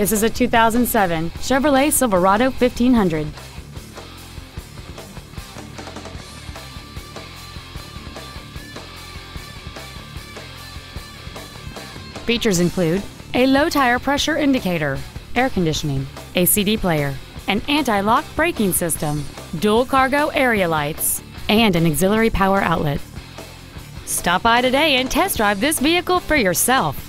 This is a 2007 Chevrolet Silverado 1500. Features include a low tire pressure indicator, air conditioning, a CD player, an anti-lock braking system, dual cargo area lights, and an auxiliary power outlet. Stop by today and test drive this vehicle for yourself.